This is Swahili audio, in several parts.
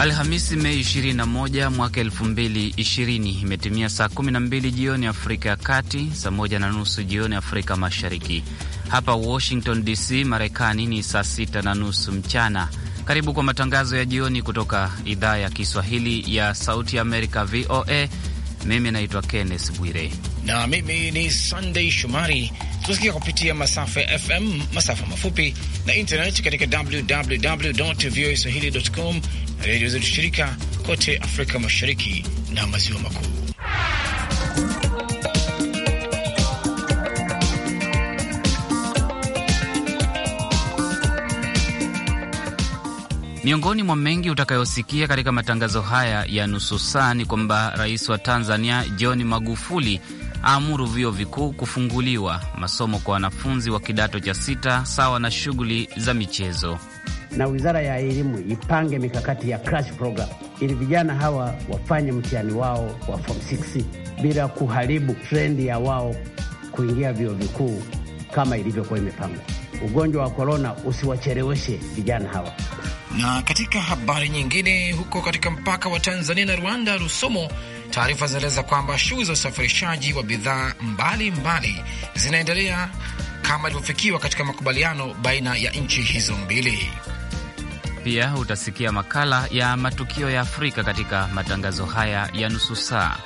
Alhamisi, Mei 21 mwaka 2020, imetimia saa 12 jioni Afrika ya Kati, saa moja na nusu jioni Afrika Mashariki. Hapa Washington DC, Marekani ni saa sita na nusu mchana. Karibu kwa matangazo ya jioni kutoka idhaa ya Kiswahili ya Sauti ya Amerika, VOA. Mimi naitwa Kenneth Bwire na mimi ni Sunday Shomari. Tunasikia kupitia masafa ya FM, masafa mafupi na internet katika www voa swahili com redio zetu shirika kote Afrika Mashariki na Maziwa Makuu. Miongoni mwa mengi utakayosikia katika matangazo haya ya nusu saa ni kwamba rais wa Tanzania John Magufuli aamuru vyuo vikuu kufunguliwa masomo kwa wanafunzi wa kidato cha sita sawa na shughuli za michezo na wizara ya elimu ipange mikakati ya crash program ili vijana hawa wafanye mtihani wao wa form 6 bila kuharibu trendi ya wao kuingia vyuo vikuu kama ilivyokuwa imepangwa. Ugonjwa wa korona usiwacheleweshe vijana hawa. Na katika habari nyingine, huko katika mpaka wa Tanzania na Rwanda, Rusomo, taarifa zinaeleza kwamba shughuli za usafirishaji wa bidhaa mbalimbali zinaendelea kama ilivyofikiwa katika makubaliano baina ya nchi hizo mbili. Pia utasikia makala ya matukio ya Afrika katika matangazo haya ya nusu saa.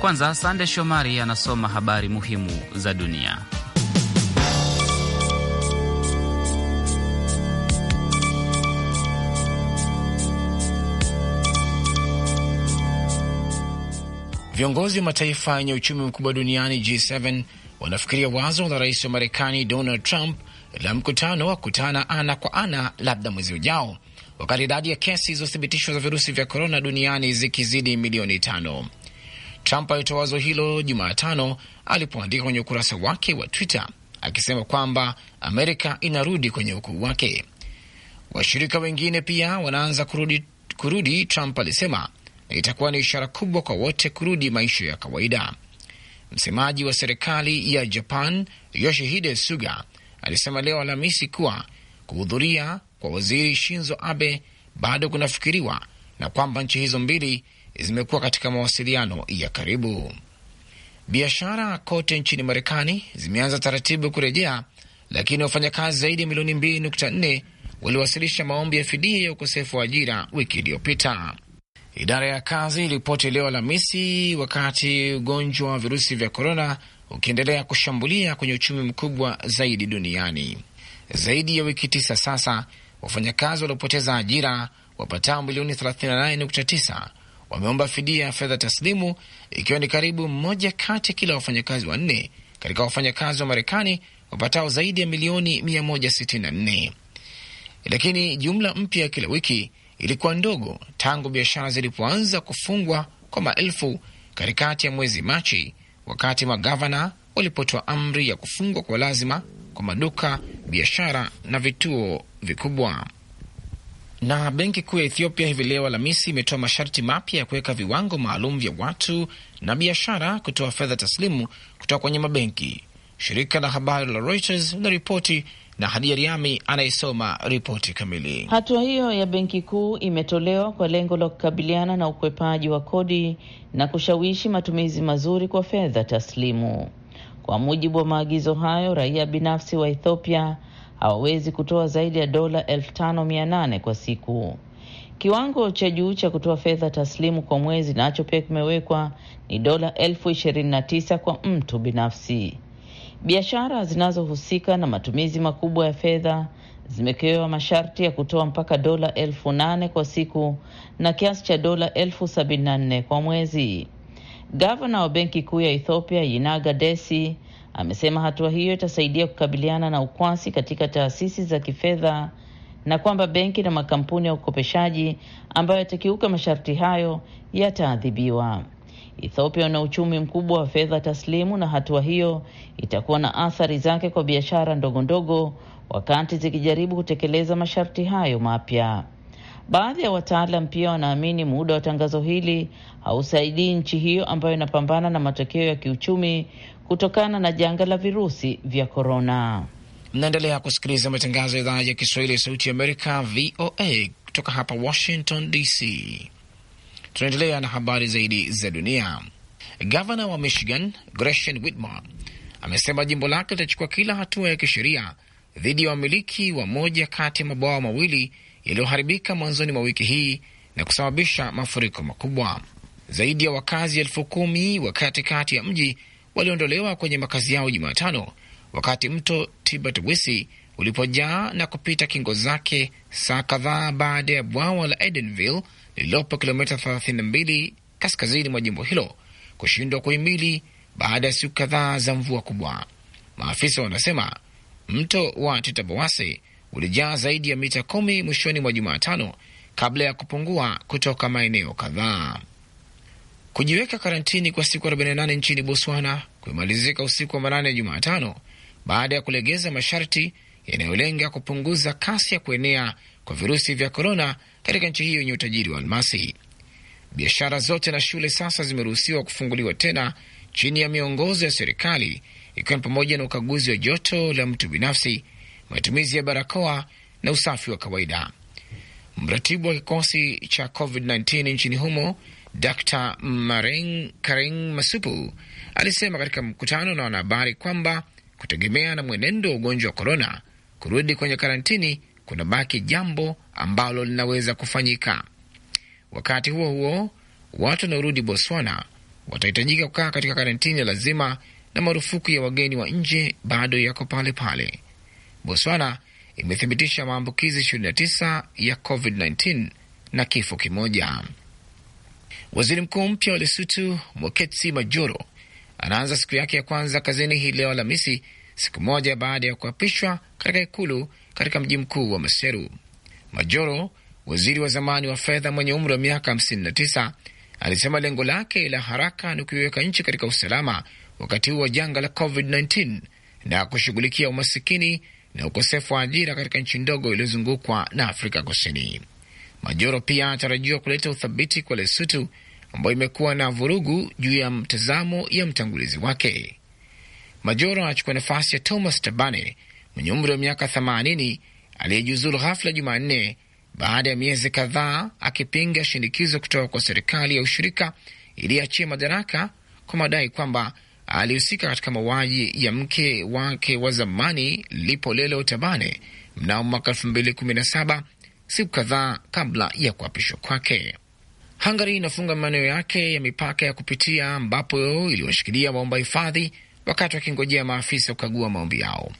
Kwanza, Sande Shomari anasoma habari muhimu za dunia. Viongozi wa mataifa yenye uchumi mkubwa duniani G7 wanafikiria wazo la rais wa Marekani Donald Trump la mkutano wa kutana ana kwa ana labda mwezi ujao, wakati idadi ya kesi zilizothibitishwa za virusi vya korona duniani zikizidi milioni tano. Trump alitoa wazo hilo Jumatano alipoandika kwenye ukurasa wake wa Twitter akisema kwamba Amerika inarudi kwenye ukuu wake. Washirika wengine pia wanaanza kurudi, kurudi. Trump alisema itakuwa ni ishara kubwa kwa wote kurudi maisha ya kawaida. Msemaji wa serikali ya Japan Yoshihide Suga alisema leo Alhamisi kuwa kuhudhuria kwa waziri Shinzo Abe bado kunafikiriwa na kwamba nchi hizo mbili zimekuwa katika mawasiliano ya karibu. Biashara kote nchini Marekani zimeanza taratibu kurejea, lakini wafanyakazi zaidi ya milioni 2.4 waliwasilisha maombi ya fidia ya ukosefu wa ajira wiki iliyopita. Idara ya kazi iliripoti leo Alhamisi, wakati ugonjwa wa virusi vya korona ukiendelea kushambulia kwenye uchumi mkubwa zaidi duniani. Zaidi ya wiki tisa sasa, wafanyakazi waliopoteza ajira wapatao milioni 38.9 wameomba fidia ya fedha taslimu, ikiwa ni karibu mmoja kati ya kila wafanyakazi wanne katika wafanyakazi wa Marekani wapatao zaidi ya milioni 164. Lakini jumla mpya ya kila wiki ilikuwa ndogo tangu biashara zilipoanza kufungwa kwa maelfu katikati ya mwezi Machi wakati magavana walipotoa amri ya kufungwa kwa lazima kwa maduka, biashara na vituo vikubwa. Na benki kuu ya Ethiopia hivi leo Alhamisi imetoa masharti mapya ya kuweka viwango maalum vya watu na biashara kutoa fedha taslimu kutoka kwenye mabenki. Shirika la habari la Reuters linaripoti na Hadia Riami anayesoma ripoti kamili. Hatua hiyo ya Benki Kuu imetolewa kwa lengo la kukabiliana na ukwepaji wa kodi na kushawishi matumizi mazuri kwa fedha taslimu. Kwa mujibu wa maagizo hayo, raia binafsi wa Ethiopia hawawezi kutoa zaidi ya dola elfu tano mia nane kwa siku. Kiwango cha juu cha kutoa fedha taslimu kwa mwezi nacho pia kimewekwa ni dola elfu ishirini na tisa kwa mtu binafsi. Biashara zinazohusika na matumizi makubwa ya fedha zimekewa masharti ya kutoa mpaka dola elfu nane kwa siku na kiasi cha dola elfu sabini na nne kwa mwezi. Gavana wa Benki Kuu ya Ethiopia Yinaga Desi amesema hatua hiyo itasaidia kukabiliana na ukwasi katika taasisi za kifedha na kwamba benki na makampuni ya ukopeshaji ambayo yatakiuka masharti hayo yataadhibiwa. Ethiopia ina uchumi mkubwa wa fedha taslimu na hatua hiyo itakuwa na athari zake kwa biashara ndogo ndogo wakati zikijaribu kutekeleza masharti hayo mapya. Baadhi ya wataalam pia wanaamini muda wa tangazo hili hausaidii nchi hiyo ambayo inapambana na matokeo ya kiuchumi kutokana na janga la virusi vya korona. Mnaendelea kusikiliza matangazo ya idhaa ya Kiswahili ya Sauti ya Amerika, VOA, kutoka hapa Washington DC. Tunaendelea na habari zaidi za dunia. Gavana wa Michigan Gretchen Whitmer amesema jimbo lake litachukua kila hatua ya kisheria dhidi ya wamiliki wa moja kati ya mabwawa mawili yaliyoharibika mwanzoni mwa wiki hii na kusababisha mafuriko makubwa. Zaidi ya wakazi elfu kumi wa katikati ya mji waliondolewa kwenye makazi yao Jumatano wakati mto Tibet Wisi ulipojaa na kupita kingo zake saa kadhaa baada ya bwawa la Edenville lililopo kilomita 32 kaskazini mwa jimbo hilo kushindwa kuhimili baada ya siku kadhaa za mvua kubwa. Maafisa wanasema mto wa Titabawase ulijaa zaidi ya mita kumi mwishoni mwa Jumatano kabla ya kupungua kutoka maeneo kadhaa. Kujiweka karantini kwa siku 48 nchini Botswana kumemalizika usiku wa manane ya Jumatano baada ya kulegeza masharti yanayolenga kupunguza kasi ya kuenea kwa virusi vya korona katika nchi hiyo yenye utajiri wa almasi. Biashara zote na shule sasa zimeruhusiwa kufunguliwa tena chini ya miongozo ya serikali, ikiwa ni pamoja na ukaguzi wa joto la mtu binafsi, matumizi ya barakoa na usafi wa kawaida. Mratibu wa kikosi cha COVID-19 nchini humo Dr Maring Karing Masupu alisema katika mkutano na wanahabari kwamba kutegemea na mwenendo wa ugonjwa wa korona kurudi kwenye karantini kuna baki jambo ambalo linaweza kufanyika. Wakati huo huo, watu wanaorudi Botswana watahitajika kukaa katika karantini ya lazima na marufuku ya wageni wa nje bado yako pale pale. Botswana imethibitisha maambukizi 29 ya COVID-19 na kifo kimoja. Waziri mkuu mpya wa lesutu Moketsi Majoro anaanza siku yake ya kwanza kazini hii leo Alhamisi siku moja baada ya kuapishwa katika ikulu katika mji mkuu wa Maseru. Majoro, waziri wa zamani wa fedha mwenye umri wa miaka 59, alisema lengo lake la haraka ni kuiweka nchi katika usalama wakati huu wa janga la COVID-19 na kushughulikia umasikini na ukosefu wa ajira katika nchi ndogo iliyozungukwa na Afrika Kusini. Majoro pia anatarajiwa kuleta uthabiti kwa Lesutu ambayo imekuwa na vurugu juu ya mtazamo ya mtangulizi wake majoro anachukua nafasi ya Thomas Tabane mwenye umri wa miaka 80 aliyejiuzulu ghafla Jumanne baada ya miezi kadhaa akipinga shinikizo kutoka kwa serikali ya ushirika iliyoachia madaraka kwa madai kwamba alihusika katika mauaji ya mke wake wa zamani Lipolelo Tabane mnamo mwaka 2017 siku kadhaa kabla ya kuapishwa kwake. Hungary inafunga maeneo yake ya mipaka ya kupitia ambapo iliwashikilia waomba hifadhi wakati wakingojea maafisa kukagua maombi yao.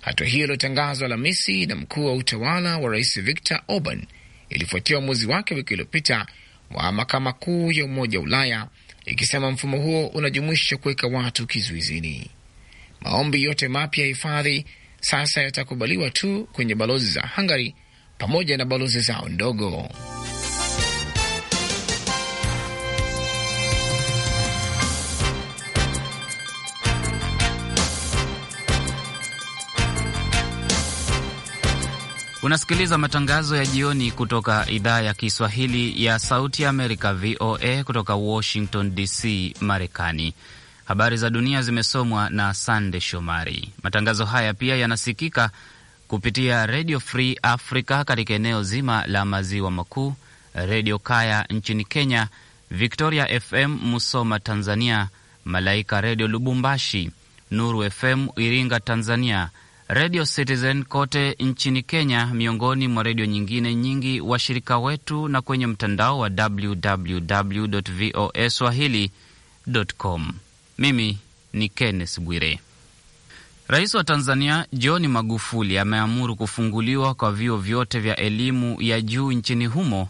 Hatua hiyo iliyotangazwa Alhamisi na mkuu wa utawala wa rais Victor Orban ilifuatia uamuzi wake wiki iliyopita wa mahakama kuu ya Umoja wa Ulaya ikisema mfumo huo unajumuisha kuweka watu kizuizini. Maombi yote mapya ya hifadhi sasa yatakubaliwa tu kwenye balozi za Hungary pamoja na balozi zao ndogo. Unasikiliza matangazo ya jioni kutoka idhaa ya Kiswahili ya Sauti ya Amerika, VOA, kutoka Washington DC, Marekani. Habari za dunia zimesomwa na Sande Shomari. Matangazo haya pia yanasikika kupitia Redio Free Africa katika eneo zima la maziwa makuu, Redio Kaya nchini Kenya, Victoria FM Musoma Tanzania, Malaika Redio Lubumbashi, Nuru FM Iringa Tanzania, Radio Citizen kote nchini Kenya, miongoni mwa redio nyingine nyingi washirika wetu, na kwenye mtandao wa www voa swahili.com. Mimi ni Kenneth Bwire. Rais wa Tanzania John Magufuli ameamuru kufunguliwa kwa vyuo vyote vya elimu ya juu nchini humo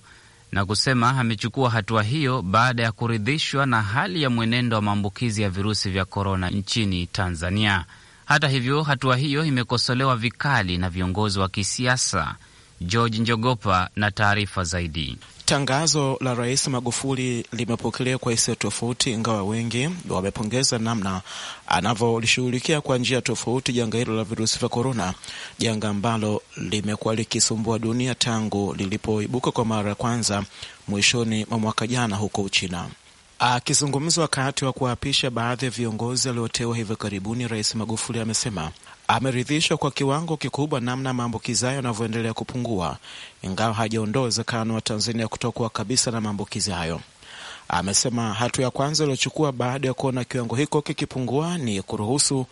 na kusema amechukua hatua hiyo baada ya kuridhishwa na hali ya mwenendo wa maambukizi ya virusi vya korona nchini Tanzania. Hata hivyo, hatua hiyo imekosolewa vikali na viongozi wa kisiasa. George Njogopa na taarifa zaidi. Tangazo la Rais Magufuli limepokelewa kwa hisia tofauti, ingawa wengi wamepongeza namna anavyolishughulikia kwa njia tofauti janga hilo la virusi vya korona, janga ambalo limekuwa likisumbua dunia tangu lilipoibuka kwa mara ya kwanza mwishoni mwa mwaka jana huko Uchina. Akizungumza wakati wa kuwaapisha baadhi ya viongozi walioteua hivi karibuni, Rais Magufuli amesema ameridhishwa kwa kiwango kikubwa namna maambukizi hayo yanavyoendelea kupungua, ingawa hajaondoa uwezekano wa Tanzania kutokuwa kabisa na maambukizi hayo. Amesema hatua ya kwanza iliyochukua baada ya kuona kiwango hiko kikipungua ni kuruhusu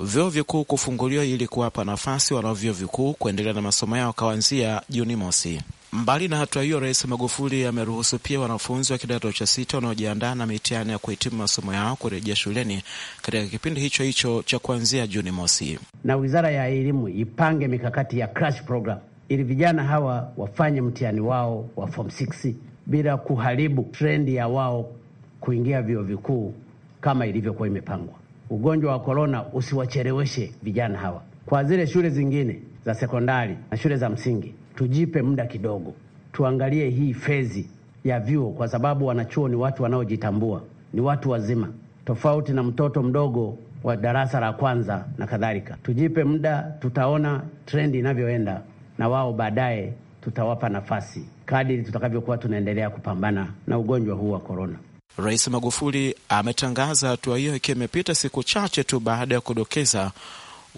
vyuo vikuu kufunguliwa ili kuwapa nafasi wanaovyuo vikuu kuendelea na masomo yao kuanzia Juni mosi. Mbali na hatua hiyo, Rais Magufuli ameruhusu pia wanafunzi wa kidato cha sita wanaojiandaa na mitihani ya kuhitimu masomo yao kurejea shuleni katika kipindi hicho hicho cha kuanzia Juni mosi, na Wizara ya Elimu ipange mikakati ya crash program ili vijana hawa wafanye mtihani wao wa form 6 bila kuharibu trendi ya wao kuingia vyuo vikuu kama ilivyokuwa imepangwa. Ugonjwa wa korona usiwacheleweshe vijana hawa. Kwa zile shule zingine za sekondari na shule za msingi tujipe muda kidogo, tuangalie hii fezi ya vyuo, kwa sababu wanachuo ni watu wanaojitambua, ni watu wazima, tofauti na mtoto mdogo wa darasa la kwanza na kadhalika. Tujipe muda, tutaona trendi inavyoenda, na wao baadaye tutawapa nafasi kadiri tutakavyokuwa tunaendelea kupambana na ugonjwa huu wa korona. Rais Magufuli ametangaza hatua hiyo ikiwa imepita siku chache tu baada ya kudokeza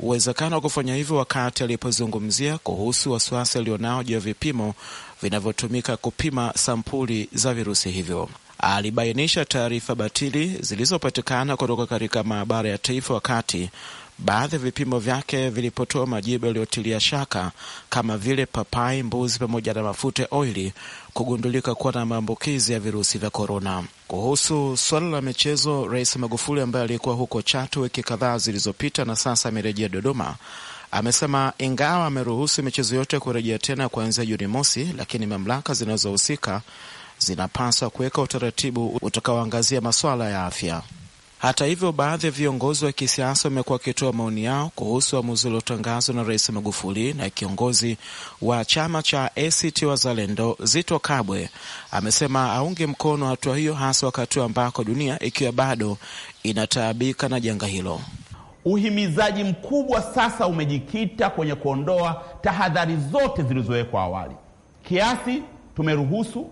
uwezekano wa kufanya hivyo wakati alipozungumzia kuhusu wasiwasi alionao juu ya vipimo vinavyotumika kupima sampuli za virusi hivyo. Alibainisha taarifa batili zilizopatikana kutoka katika maabara ya taifa wakati Baadhi ya vipimo vyake vilipotoa majibu yaliyotilia shaka kama vile papai, mbuzi pamoja na mafuta oili kugundulika kuwa na maambukizi ya virusi vya korona. Kuhusu suala la michezo, Rais Magufuli ambaye alikuwa huko Chato wiki kadhaa zilizopita na sasa amerejea Dodoma amesema ingawa ameruhusu michezo yote kurejea tena kuanzia Juni mosi, lakini mamlaka zinazohusika zinapaswa kuweka utaratibu utakaoangazia masuala ya afya. Hata hivyo, baadhi ya viongozi wa kisiasa wamekuwa wakitoa maoni yao kuhusu uamuzi uliotangazwa na Rais Magufuli. Na kiongozi wa chama cha ACT Wazalendo Zito Kabwe amesema aunge mkono hatua hiyo, hasa wakati ambako dunia ikiwa bado inataabika na janga hilo. Uhimizaji mkubwa sasa umejikita kwenye kuondoa tahadhari zote zilizowekwa awali, kiasi tumeruhusu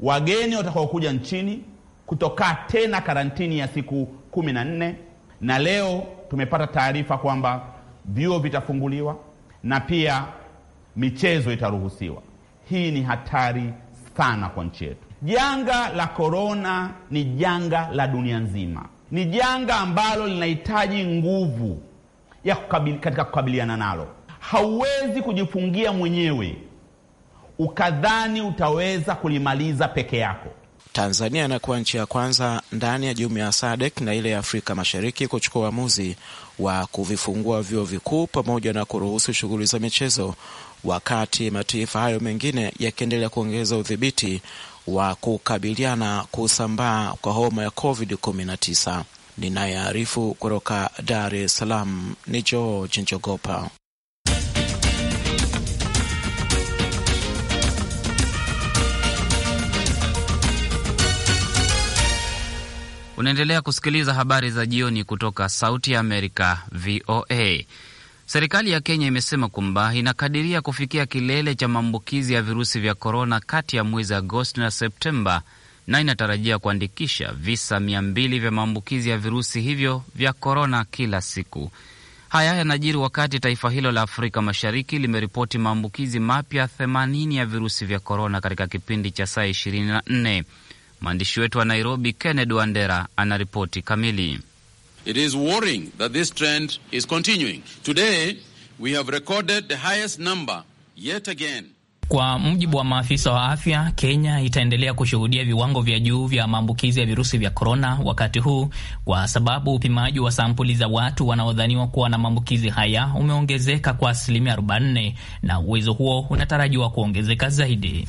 wageni watakaokuja nchini kutokaa tena karantini ya siku kumi na nne na leo tumepata taarifa kwamba vyuo vitafunguliwa na pia michezo itaruhusiwa. Hii ni hatari sana kwa nchi yetu. Janga la korona ni janga la dunia nzima, ni janga ambalo linahitaji nguvu ya kukabili, katika kukabiliana nalo. Hauwezi kujifungia mwenyewe ukadhani utaweza kulimaliza peke yako. Tanzania inakuwa nchi ya kwanza ndani ya jumuiya ya SADC na ile ya Afrika Mashariki kuchukua uamuzi wa kuvifungua vyuo vikuu pamoja na kuruhusu shughuli za michezo, wakati mataifa hayo mengine yakiendelea kuongeza udhibiti wa kukabiliana kusambaa kwa homa ya COVID-19. Ninayearifu kutoka Dar es Salaam ni George Njogopa. Unaendelea kusikiliza habari za jioni kutoka Sauti ya Amerika, VOA. Serikali ya Kenya imesema kwamba inakadiria kufikia kilele cha maambukizi ya virusi vya korona kati ya mwezi Agosti na Septemba na inatarajia kuandikisha visa mia mbili vya maambukizi ya virusi hivyo vya korona kila siku. Haya yanajiri wakati taifa hilo la Afrika Mashariki limeripoti maambukizi mapya 80 ya virusi vya korona katika kipindi cha saa 24. Mwandishi wetu wa Nairobi, Kennedy Wandera, anaripoti kamili. It is worrying that this trend is continuing. Today we have recorded the highest number yet again. Kwa mujibu wa maafisa wa afya, Kenya itaendelea kushuhudia viwango vya juu vya maambukizi ya virusi vya korona wakati huu, kwa sababu upimaji wa sampuli za watu wanaodhaniwa kuwa na maambukizi haya umeongezeka kwa asilimia 44 na uwezo huo unatarajiwa kuongezeka zaidi.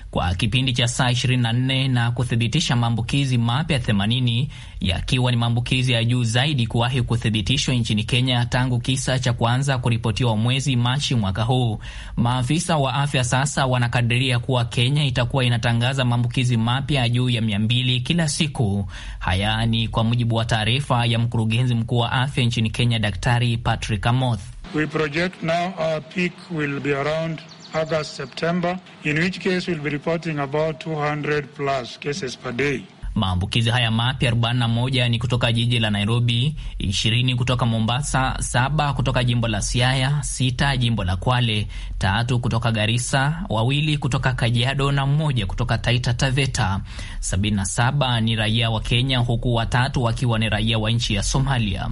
kwa kipindi cha saa 24 na kuthibitisha maambukizi mapya 80 yakiwa ni maambukizi ya juu zaidi kuwahi kuthibitishwa nchini Kenya tangu kisa cha kuanza kuripotiwa mwezi Machi mwaka huu. Maafisa wa afya sasa wanakadiria kuwa Kenya itakuwa inatangaza maambukizi mapya ya juu ya 200 kila siku. Haya ni kwa mujibu wa taarifa ya mkurugenzi mkuu wa afya nchini Kenya, Daktari Patrick Amoth. We project now our peak will be around August, September, in which case we'll be reporting about 200 plus cases per day. Maambukizi haya mapya 41 ni kutoka jiji la Nairobi, 20 kutoka Mombasa, saba kutoka jimbo la Siaya, sita jimbo la Kwale, tatu kutoka Garissa, wawili kutoka Kajiado na mmoja kutoka Taita Taveta. 77 ni raia wa Kenya, huku watatu wakiwa ni raia wa nchi ya Somalia.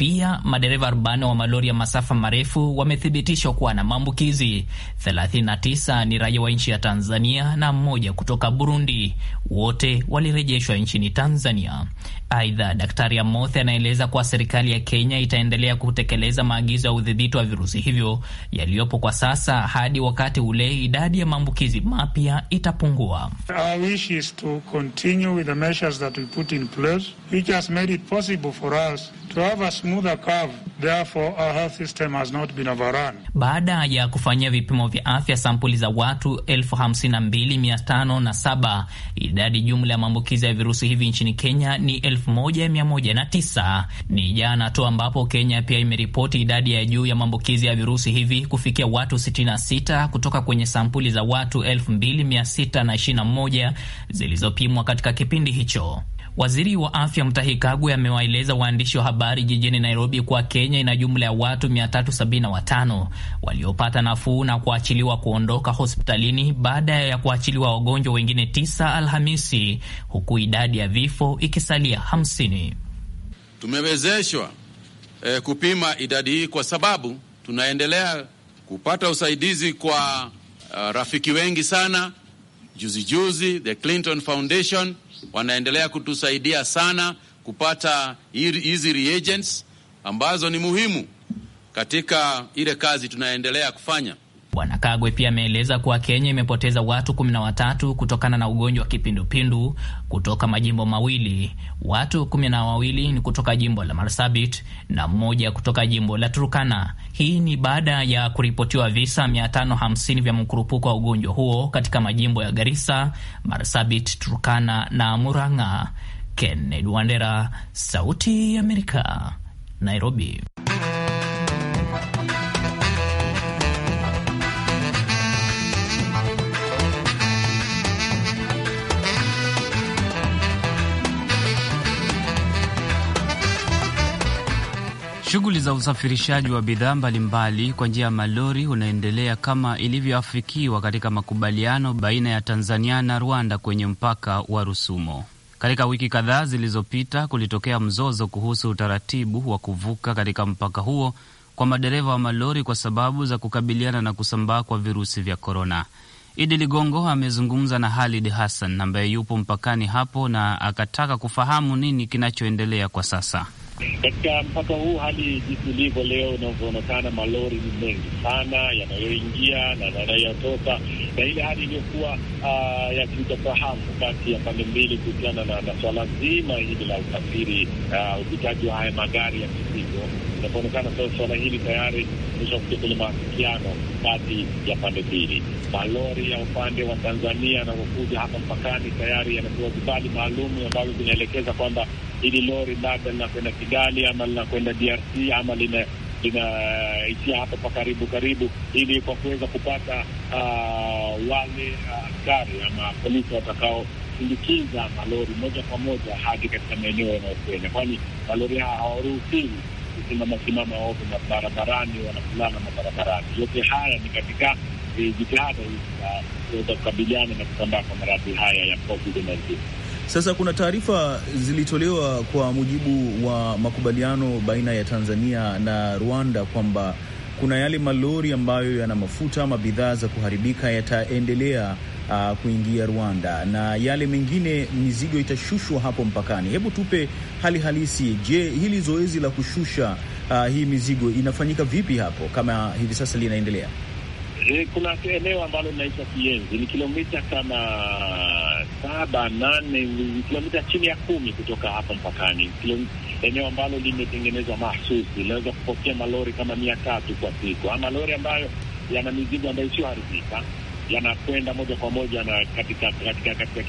Pia madereva 40 wa malori ya masafa marefu wamethibitishwa kuwa na maambukizi. 39 ni raia wa nchi ya Tanzania na mmoja kutoka Burundi. Wote walirejeshwa nchini Tanzania. Aidha, Daktari Amoth anaeleza kuwa serikali ya Kenya itaendelea kutekeleza maagizo ya udhibiti wa virusi hivyo yaliyopo kwa sasa hadi wakati ule idadi ya maambukizi mapya itapungua. Baada ya kufanyia vipimo vya afya sampuli za watu elfu na mbili mia tano na saba idadi jumla ya maambukizi ya virusi hivi nchini Kenya ni elfu 1109. Ni jana tu ambapo Kenya pia imeripoti idadi ya juu ya maambukizi ya virusi hivi kufikia watu 66 kutoka kwenye sampuli za watu 2621 zilizopimwa katika kipindi hicho. Waziri wa afya Mtahi Kagwe amewaeleza waandishi wa habari jijini Nairobi kuwa Kenya ina jumla ya watu 375 waliopata nafuu na kuachiliwa kuondoka hospitalini baada ya kuachiliwa wagonjwa wengine 9 Alhamisi, huku idadi ya vifo ikisalia 50. Tumewezeshwa eh, kupima idadi hii kwa sababu tunaendelea kupata usaidizi kwa uh, rafiki wengi sana juzi juzi, the Clinton Foundation wanaendelea kutusaidia sana kupata hizi reagents ambazo ni muhimu katika ile kazi tunaendelea kufanya. Bwana Kagwe pia ameeleza kuwa Kenya imepoteza watu 13 kutokana na ugonjwa wa kipindupindu kutoka majimbo mawili. Watu 12 na wawili ni kutoka jimbo la Marsabit na mmoja kutoka jimbo la Turkana. Hii ni baada ya kuripotiwa visa 550 vya mkurupuko wa ugonjwa huo katika majimbo ya Garissa, Marsabit, Turkana na Murang'a. Kennedy Wandera, Sauti ya Amerika, Nairobi. Shughuli za usafirishaji wa bidhaa mbalimbali kwa njia ya malori unaendelea kama ilivyoafikiwa katika makubaliano baina ya Tanzania na Rwanda kwenye mpaka wa Rusumo. Katika wiki kadhaa zilizopita, kulitokea mzozo kuhusu utaratibu wa kuvuka katika mpaka huo kwa madereva wa malori kwa sababu za kukabiliana na kusambaa kwa virusi vya korona. Idi Ligongo amezungumza na Halid Hassan ambaye yupo mpakani hapo na akataka kufahamu nini kinachoendelea kwa sasa. Katika mpaka huu, hali jinsi ilivyo leo inavyoonekana, malori ni mengi sana yanayoingia na yanayotoka, na ile hali iliyokuwa uh, ya kutofahamu kati ya pande mbili kuhusiana na, na swala zima hili la usafiri uh, upitaji wa haya magari ya mizigo inavyoonekana sasa suala hili tayari imesha kufikia kwenye maafikiano kati ya pande mbili. Malori ya upande wa Tanzania yanavyokuja hapa mpakani tayari yanapewa vibali maalum ambavyo vinaelekeza kwamba hili lori labda linakwenda Kigali ama linakwenda DRC ama lina linaitia hapa pa karibu karibu, ili kwa kuweza kupata uh, wale uh, askari uh, ama polisi watakaosindikiza malori moja kwa moja hadi katika maeneo yanayokwenda, kwani malori haya hawaruhusiwi kusimama simama ovyo na barabarani, wanakulana mabarabarani. Yote haya ni katika eh, jitihada hizi za kuweza kukabiliana na kusambaa kwa maradhi haya ya COVID-19. Sasa kuna taarifa zilitolewa kwa mujibu wa makubaliano baina ya Tanzania na Rwanda kwamba kuna yale malori ambayo yana mafuta ama bidhaa za kuharibika yataendelea uh, kuingia Rwanda na yale mengine mizigo itashushwa hapo mpakani. Hebu tupe hali halisi. Je, hili zoezi la kushusha uh, hii mizigo inafanyika vipi hapo kama hivi sasa linaendelea? Eh, kuna eneo ambalo linaitwa Kienzi, ni kilomita kama saba nane, kilomita chini ya kumi kutoka hapa mpakani, eneo ambalo limetengenezwa mahsusi, linaweza kupokea malori kama mia tatu kwa siku, ama malori ambayo yana mizigo ambayo isiyoharibika yanakwenda moja kwa moja na katika katika katika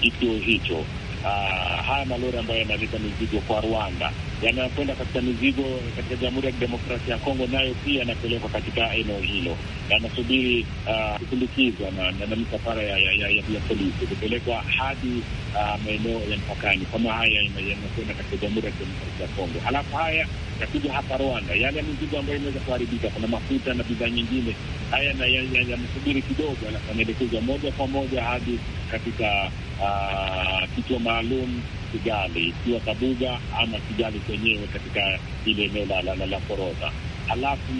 kituo hicho. Uh, haya malori ambayo yanaleta mizigo kwa Rwanda yanayokwenda katika mizigo katika Jamhuri ya Kidemokrasia ya Kongo nayo pia yanapelekwa katika eneo hilo, yanasubiri uh, kusindikizwa na misafara ya polisi kupelekwa hadi uh, maeneo ya mpakani. Kama haya yanakwenda katika Jamhuri ya Kidemokrasia ya Kongo, halafu haya yakuja hapa Rwanda, yale mizigo ambayo imeweza kuharibika, kuna mafuta na bidhaa nyingine, haya yamesubiri kidogo, yanaelekezwa moja kwa moja hadi katika uh, kituo maalum Kigali, ikiwa Kabuga ama Kigali kwenyewe katika ile eneo la Forodha, halafu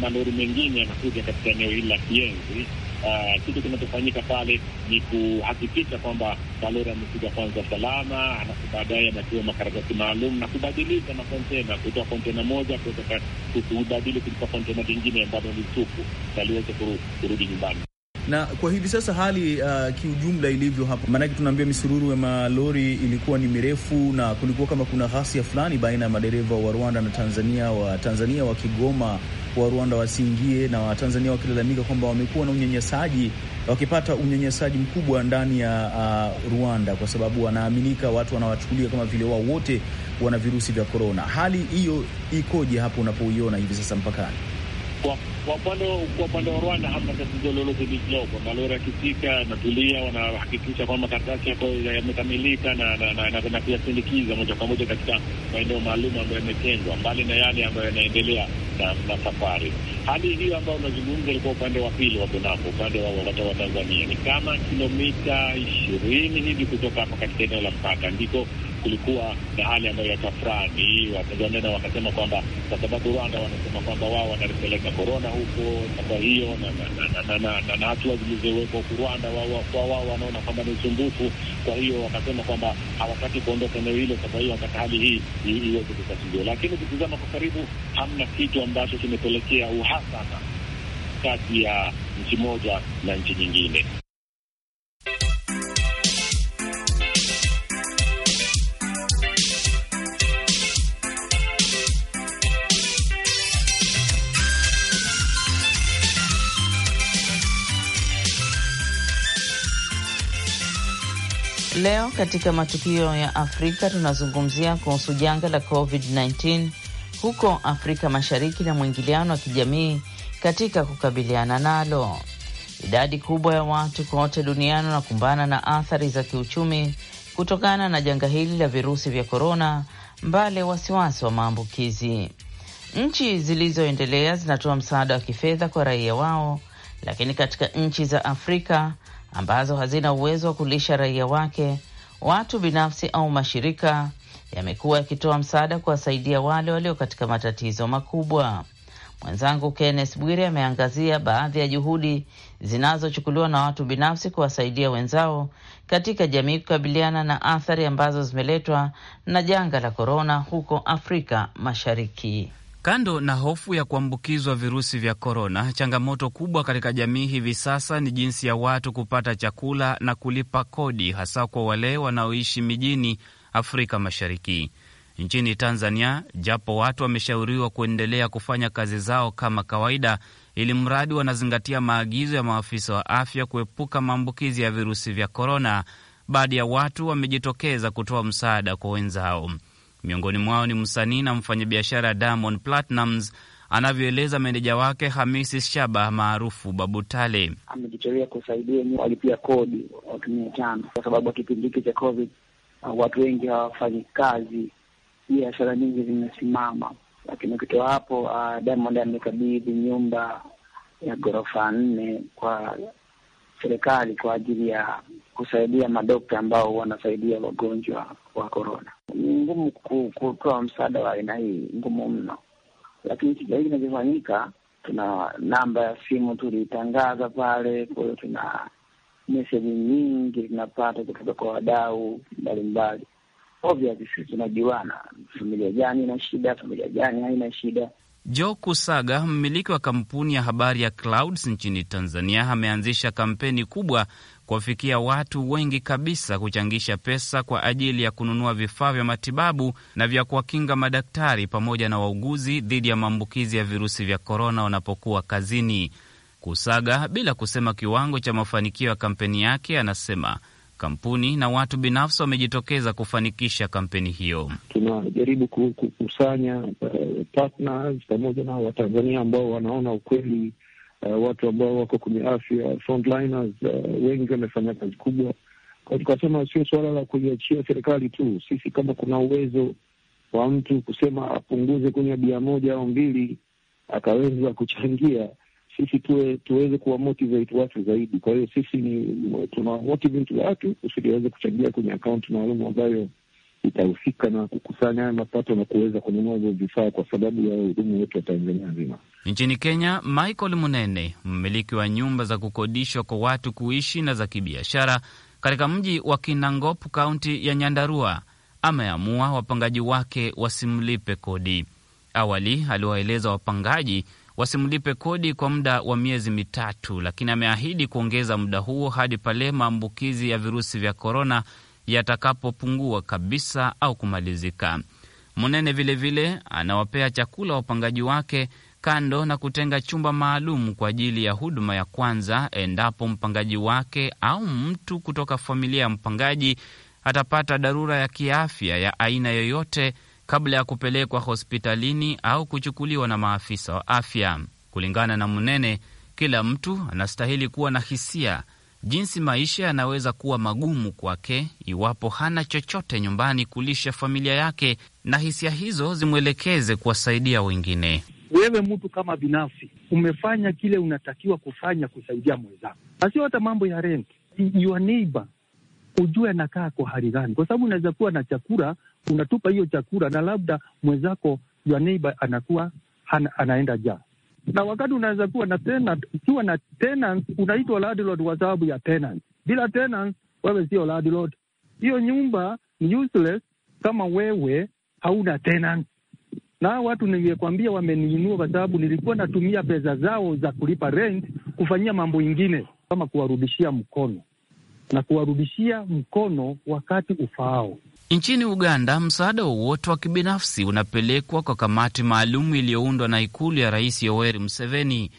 malori mengine yanakuja katika eneo hili la Kienzi. Uh, kitu kinachofanyika pale ni kuhakikisha kwamba malori yamefika kwanza salama, halafu baadaye anatiwa makaratasi maalum na kubadilisha makontena kutoka kontena moja kubadili kutoka kontena lingine ambalo ni tupu, aliweze kurudi nyumbani. Na kwa hivi sasa hali uh, kiujumla ilivyo hapa, maanake tunaambia misururu ya malori ilikuwa ni mirefu na kulikuwa kama kuna ghasia fulani baina ya madereva wa Rwanda na Tanzania, wa Tanzania wakigoma wa Rwanda wasiingie na Watanzania wakilalamika kwamba wamekuwa na unyanyasaji, wakipata unyanyasaji mkubwa ndani ya uh, Rwanda kwa sababu wanaaminika, watu wanawachukulia kama vile wao wote wana virusi vya korona. Hali hiyo ikoje hapo unapoiona hivi sasa mpakani? Kwa upande wa Rwanda hamna tatizo lolote lililopo. Malori yakifika natulia, wanahakikisha kwamba karatasi yamekamilika na kuyasindikiza moja kwa moja katika maeneo maalum ambayo yametengwa, mbali na yale ambayo yanaendelea na safari. Hali hiyo ambayo unazungumza ilikuwa upande wa pili wa Bonambo, upande wa Tanzania ni kama kilomita ishirini hivi kutoka hapa katika eneo la mpaka ndiko kulikuwa na hali ambayo ya tafrani. Watanzania wakasema kwamba kwa sababu Rwanda wanasema kwamba wao wanapeleka korona huko, na kwa hiyo na hatua zilizowekwa huku Rwanda wao wanaona kwamba ni usumbufu, kwa hiyo wakasema kwamba hawataki kuondoka eneo hilo. Kwa hiyo wakati hali hii iweze kutatuliwa, lakini ukitizama kwa karibu, hamna kitu ambacho kimepelekea uhasama kati ya nchi moja na nchi nyingine. leo katika matukio ya Afrika tunazungumzia kuhusu janga la COVID-19 huko Afrika Mashariki na mwingiliano wa kijamii katika kukabiliana nalo. Idadi kubwa ya watu kote duniani wanakumbana na athari za kiuchumi kutokana na janga hili la virusi vya korona, mbali wasiwasi wa maambukizi. Nchi zilizoendelea zinatoa msaada wa kifedha kwa raia wao, lakini katika nchi za Afrika ambazo hazina uwezo wa kulisha raia wake, watu binafsi au mashirika yamekuwa yakitoa msaada kuwasaidia wale walio katika matatizo makubwa. Mwenzangu Kenneth Bwire ameangazia baadhi ya juhudi zinazochukuliwa na watu binafsi kuwasaidia wenzao katika jamii kukabiliana na athari ambazo zimeletwa na janga la korona huko Afrika Mashariki. Kando na hofu ya kuambukizwa virusi vya korona, changamoto kubwa katika jamii hivi sasa ni jinsi ya watu kupata chakula na kulipa kodi, hasa kwa wale wanaoishi mijini Afrika Mashariki. Nchini Tanzania, japo watu wameshauriwa kuendelea kufanya kazi zao kama kawaida, ili mradi wanazingatia maagizo ya maafisa wa afya kuepuka maambukizi ya virusi vya korona, baadhi ya watu wamejitokeza kutoa msaada kwa wenzao. Miongoni mwao ni msanii na mfanyabiashara Diamond Platnumz, anavyoeleza meneja wake Hamisi Shaba maarufu Babu Tale. Amejitolea kusaidia walipia kodi watu mia tano kwa sababu kipindi hiki cha COVID uh, watu wengi hawafanyi kazi, biashara nyingi zimesimama, lakini ukitoa hapo, uh, Diamond amekabidhi nyumba ya ghorofa nne kwa serikali kwa ajili ya kusaidia madokta ambao wanasaidia wagonjwa wa korona ngumu kutoa msaada wa aina hii, ngumu mno. Lakini sasa hivi kinachofanyika, tuna namba ya simu tuliitangaza pale, kwa hiyo tuna meseji nyingi tunapata kutoka kwa wadau mbalimbali. Obviously sisi tunajuana, familia gani ina shida, familia gani haina shida. jo Kusaga, mmiliki wa kampuni ya habari ya Clouds nchini Tanzania, ameanzisha kampeni kubwa kuwafikia watu wengi kabisa, kuchangisha pesa kwa ajili ya kununua vifaa vya matibabu na vya kuwakinga madaktari pamoja na wauguzi dhidi ya maambukizi ya virusi vya korona wanapokuwa kazini. Kusaga bila kusema kiwango cha mafanikio ya kampeni yake, anasema kampuni na watu binafsi wamejitokeza kufanikisha kampeni hiyo. Tunajaribu kukusanya eh, partners pamoja na Watanzania ambao wanaona ukweli uh, watu ambao wako kwenye afya frontliners, uh, wengi wamefanya kazi kubwa Kwa Tukasema sio suala la kuiachia serikali tu, sisi kama kuna uwezo wa mtu kusema apunguze kunywa bia moja au mbili akaweza kuchangia sisi tuwe tuweze kuwa motivate watu zaidi. Kwa hiyo sisi ni tuna motivate watu kusudi waweze kuchangia kwenye akaunti maalum ambayo itahusika na kukusanya haya mapato na kuweza kununua hivyo vifaa kwa sababu ya wahudumu wetu wa Tanzania nzima. Nchini Kenya, Michael Munene, mmiliki wa nyumba za kukodishwa kwa watu kuishi na za kibiashara katika mji wa Kinangop, kaunti ya Nyandarua, ameamua wapangaji wake wasimlipe kodi. Awali aliwaeleza wapangaji wasimlipe kodi kwa muda wa miezi mitatu, lakini ameahidi kuongeza muda huo hadi pale maambukizi ya virusi vya korona yatakapopungua kabisa au kumalizika. Munene vilevile vile anawapea chakula wapangaji wake kando na kutenga chumba maalum kwa ajili ya huduma ya kwanza endapo mpangaji wake au mtu kutoka familia ya mpangaji atapata dharura ya kiafya ya aina yoyote kabla ya kupelekwa hospitalini au kuchukuliwa na maafisa wa afya. Kulingana na Munene, kila mtu anastahili kuwa na hisia jinsi maisha yanaweza kuwa magumu kwake iwapo hana chochote nyumbani kulisha familia yake, na hisia hizo zimwelekeze kuwasaidia wengine wewe mtu kama binafsi umefanya kile unatakiwa kufanya kusaidia mwenzako, asio hata mambo ya rent. Your neighbor ujue anakaa kwa hali gani, kwa sababu unaweza kuwa na chakula unatupa hiyo chakula na labda mwenzako your neighbor anakuwa ana, anaenda jaa na wakati unaweza kuwa na tenant, ukiwa na tenant unaitwa landlord kwa sababu ya tenant. Bila tenant wewe sio landlord, hiyo nyumba ni useless kama wewe hauna tenant na hao watu niliyekwambia wameniinua kwa sababu nilikuwa natumia pesa zao za kulipa rent kufanyia mambo ingine kama kuwarudishia mkono na kuwarudishia mkono wakati ufaao. Nchini Uganda, msaada wowote wa kibinafsi unapelekwa kwa kamati maalum iliyoundwa na ikulu ya Rais Yoweri Museveni.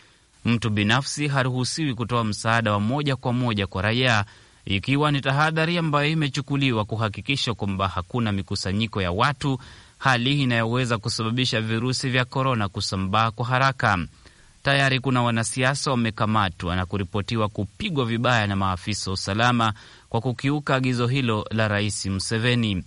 Mtu binafsi haruhusiwi kutoa msaada wa moja kwa moja kwa raia, ikiwa ni tahadhari ambayo imechukuliwa kuhakikisha kwamba hakuna mikusanyiko ya watu hali inayoweza kusababisha virusi vya korona kusambaa kwa haraka. Tayari kuna wanasiasa wamekamatwa na kuripotiwa kupigwa vibaya na maafisa wa usalama kwa kukiuka agizo hilo la Rais Museveni.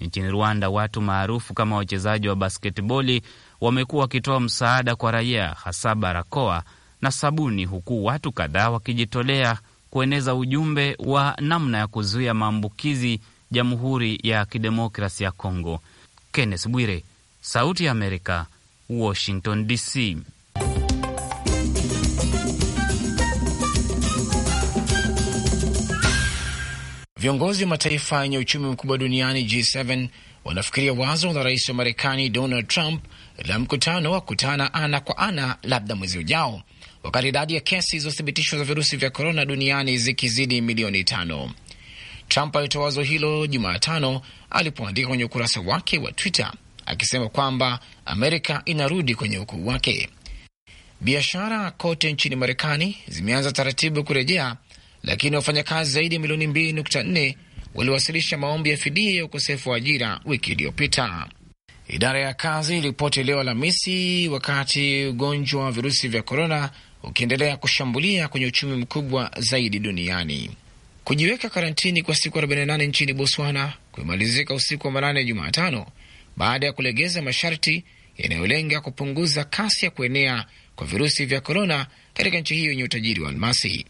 Nchini Rwanda, watu maarufu kama wachezaji wa basketboli wamekuwa wakitoa msaada kwa raia, hasa barakoa na sabuni, huku watu kadhaa wakijitolea kueneza ujumbe wa namna ya kuzuia maambukizi Jamhuri ya Kidemokrasi ya Kongo. Kenneth Bwire, Sauti ya Amerika, Washington DC. Viongozi wa mataifa yenye uchumi mkubwa duniani G7 wanafikiria wazo la rais wa Marekani Donald Trump la mkutano wa kutana ana kwa ana labda mwezi ujao, wakati idadi ya kesi zilizothibitishwa za virusi vya korona duniani zikizidi milioni tano. Trump alitoa wazo hilo Jumatano alipoandika kwenye ukurasa wake wa Twitter akisema kwamba Amerika inarudi kwenye ukuu wake. Biashara kote nchini Marekani zimeanza taratibu kurejea, lakini wafanyakazi zaidi ya milioni 2.4 waliwasilisha maombi ya fidia ya ukosefu wa ajira wiki iliyopita. Idara ya kazi iliripoti leo Alhamisi, wakati ugonjwa wa virusi vya korona ukiendelea kushambulia kwenye uchumi mkubwa zaidi duniani. Kujiweka karantini kwa siku 48 nchini Botswana kumemalizika usiku wa manane Jumatano baada ya kulegeza masharti yanayolenga kupunguza kasi ya kuenea kwa virusi vya korona katika nchi hiyo yenye utajiri wa almasi.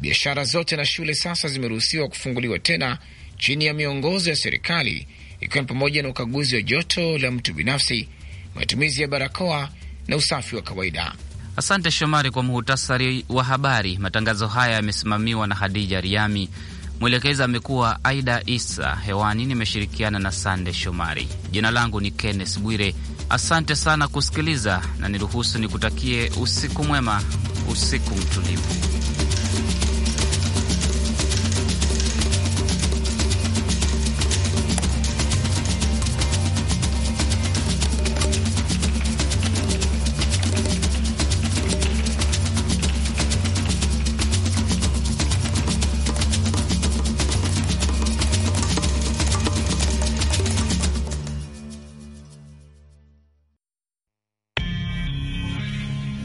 Biashara zote na shule sasa zimeruhusiwa kufunguliwa tena chini ya miongozo ya serikali, ikiwa ni pamoja na ukaguzi wa joto la mtu binafsi, matumizi ya barakoa na usafi wa kawaida. Asante Shomari kwa muhutasari wa habari. Matangazo haya yamesimamiwa na Hadija Riami, mwelekezi amekuwa Aida Isa. Hewani nimeshirikiana na Sande Shomari. Jina langu ni Kennes Bwire. Asante sana kusikiliza, na niruhusu nikutakie usiku mwema, usiku mtulivu.